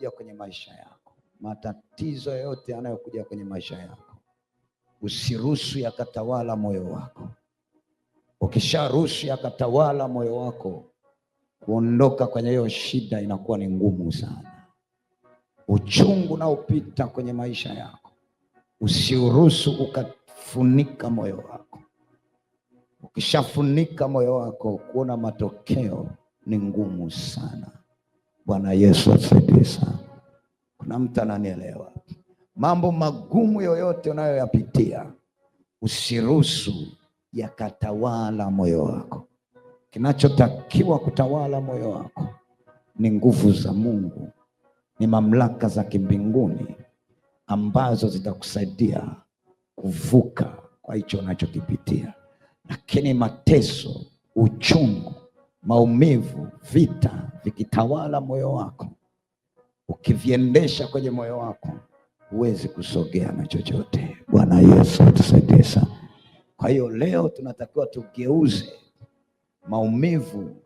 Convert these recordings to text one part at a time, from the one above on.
yanayokuja kwenye maisha yako, matatizo yote yanayokuja kwenye maisha yako, usiruhusu yakatawala moyo wako. Ukisharuhusu yakatawala moyo wako, kuondoka kwenye hiyo shida inakuwa ni ngumu sana. Uchungu unaopita kwenye maisha yako, usiruhusu ukafunika moyo wako. Ukishafunika moyo wako, kuona matokeo ni ngumu sana. Bwana Yesu asifiwe sana. Kuna mtu ananielewa? Mambo magumu yoyote unayoyapitia usiruhusu yakatawala moyo wako. Kinachotakiwa kutawala moyo wako ni nguvu za Mungu, ni mamlaka za kimbinguni ambazo zitakusaidia kuvuka kwa hicho unachokipitia. Lakini mateso, uchungu maumivu, vita vikitawala moyo wako, ukiviendesha kwenye moyo wako, huwezi kusogea na chochote. Bwana Yesu atusaidie sana. Kwa hiyo leo tunatakiwa tugeuze maumivu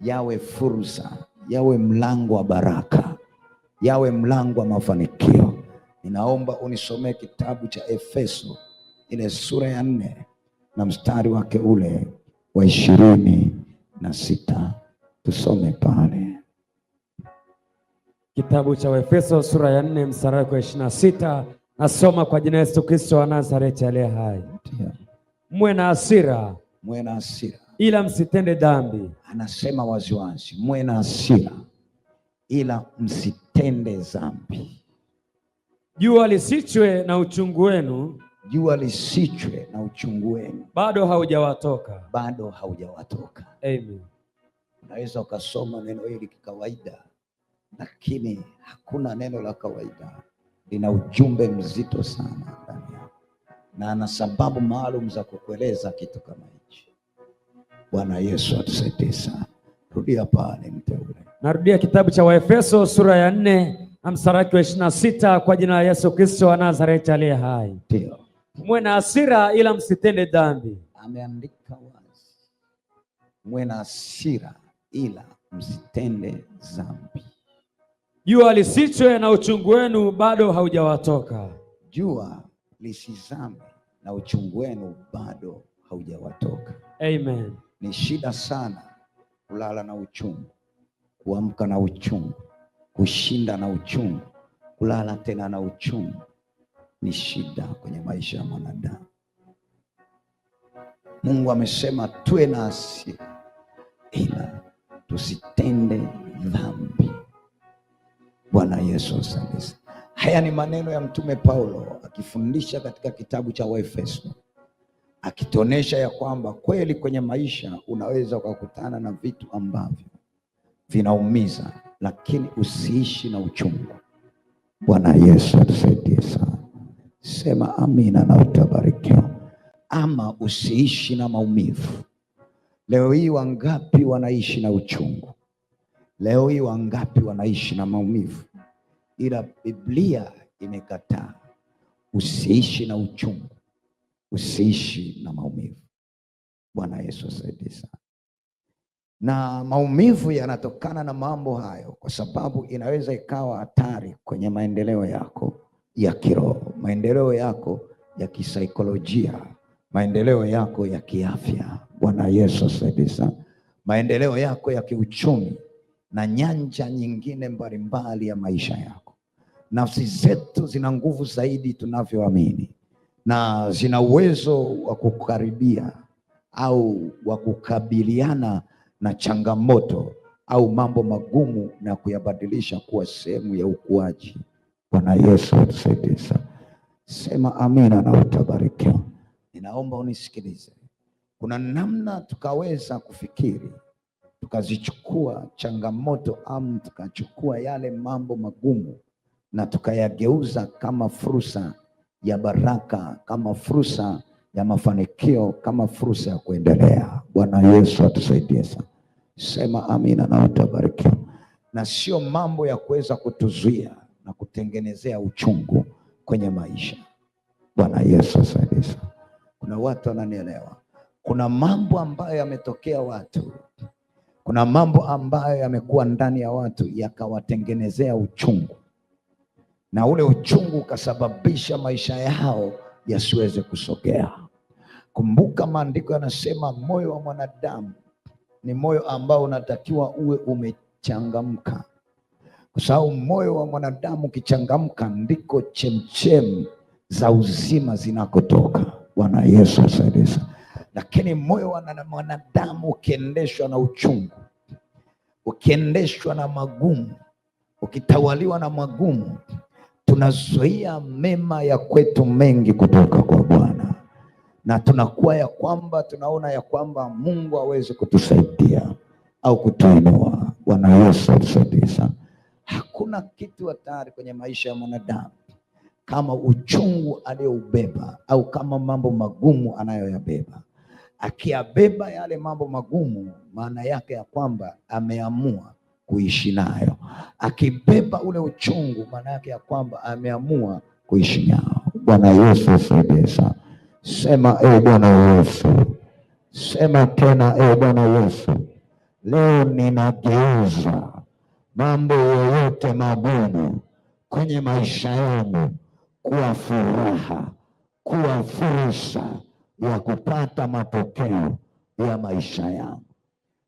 yawe fursa, yawe mlango wa baraka, yawe mlango wa mafanikio. Ninaomba unisomee kitabu cha Efeso ile sura ya nne na mstari wake ule wa ishirini na sita. Tusome pale kitabu cha Waefeso sura ya nne mstari wa ishirini na sita. Nasoma kwa jina Yesu Kristo wa Nazareti aliye hai. Mwe na hasira, mwe na hasira ila msitende dhambi. Anasema waziwazi, mwe na hasira ila msitende dhambi. Jua lisichwe na uchungu wenu jua lisichwe na uchungu Bado haujawatoka, bado haujawatoka. Amen. Unaweza ukasoma neno hili kikawaida, lakini hakuna neno la kawaida, lina ujumbe mzito sana ndani na ana sababu maalum za kukueleza kitu kama hichi. Bwana Yesu atusaidie sana. Rudia pale mteule, narudia kitabu cha Waefeso sura ya nne na wa ishirini na sita kwa jina la Yesu Kristo wa Nazareti aliye hai. Ndio mwe na hasira ila msitende dhambi. Ameandika wazi, mwe na hasira ila msitende dhambi. Jua lisichwe na uchungu wenu bado haujawatoka. Jua lisizame na uchungu wenu bado haujawatoka. Amen. Ni shida sana kulala na uchungu, kuamka na uchungu, kushinda na uchungu, kulala tena na uchungu ni shida kwenye maisha ya mwanadamu. Mungu amesema tuwe na hasira, ila tusitende dhambi. Bwana Yesu asifiwe. Haya ni maneno ya mtume Paulo akifundisha katika kitabu cha Waefeso, akitonyesha ya kwamba kweli kwenye maisha unaweza ukakutana na vitu ambavyo vinaumiza, lakini usiishi na uchungu. Bwana Yesu atusaidie sana. Sema amina na utabarikiwa, ama usiishi na maumivu. Leo hii wangapi wanaishi na uchungu? Leo hii wangapi wanaishi na maumivu? Ila Biblia imekataa, usiishi na uchungu, usiishi na maumivu. Bwana Yesu asaidie sana. Na maumivu yanatokana na mambo hayo, kwa sababu inaweza ikawa hatari kwenye maendeleo yako ya kiroho, maendeleo yako ya kisaikolojia, maendeleo yako ya kiafya. Bwana Yesu asifiwe sana. Maendeleo yako ya kiuchumi na nyanja nyingine mbalimbali ya maisha yako. Nafsi zetu zina nguvu zaidi tunavyoamini na zina uwezo wa kukaribia au wa kukabiliana na changamoto au mambo magumu na kuyabadilisha kuwa sehemu ya ukuaji Bwana Yesu atusaidie sana. Sema amina na utabarikiwa. Ninaomba unisikilize. Kuna namna tukaweza kufikiri tukazichukua changamoto am, tukachukua yale mambo magumu na tukayageuza kama fursa ya baraka, kama fursa ya mafanikio, kama fursa ya kuendelea. Bwana Yesu atusaidie sana. Sema amina na utabarikiwa. Na sio mambo ya kuweza kutuzuia na kutengenezea uchungu kwenye maisha. Bwana Yesu asifiwe. Kuna watu wananielewa. Kuna mambo ambayo yametokea watu, kuna mambo ambayo yamekuwa ndani ya watu yakawatengenezea uchungu, na ule uchungu ukasababisha maisha yao yasiweze kusogea. Kumbuka maandiko yanasema moyo wa mwanadamu ni moyo ambao unatakiwa uwe umechangamka kwa sababu moyo wa mwanadamu ukichangamka ndiko chemchem za uzima zinakotoka. Bwana Yesu asaidie Lakini moyo wa mwanadamu ukiendeshwa na uchungu, ukiendeshwa na magumu, ukitawaliwa na magumu, tunazuia mema ya kwetu mengi kutoka kwa Bwana, na tunakuwa ya kwamba tunaona ya kwamba Mungu hawezi kutusaidia au kutuinua. Bwana Yesu atusaidie sana. Hakuna kitu hatari kwenye maisha ya mwanadamu kama uchungu aliyoubeba au kama mambo magumu anayoyabeba. Akiyabeba yale mambo magumu, maana yake ya kwamba ameamua kuishi nayo. Akibeba ule uchungu, maana yake ya kwamba ameamua kuishi nayo Bwana Yesu asaidie sana. Sema e Bwana Yesu, sema tena e Bwana Yesu, leo ninageuza mambo yoyote magumu kwenye maisha yangu kuwa furaha, kuwa fursa ya kupata mapokeo ya maisha yangu.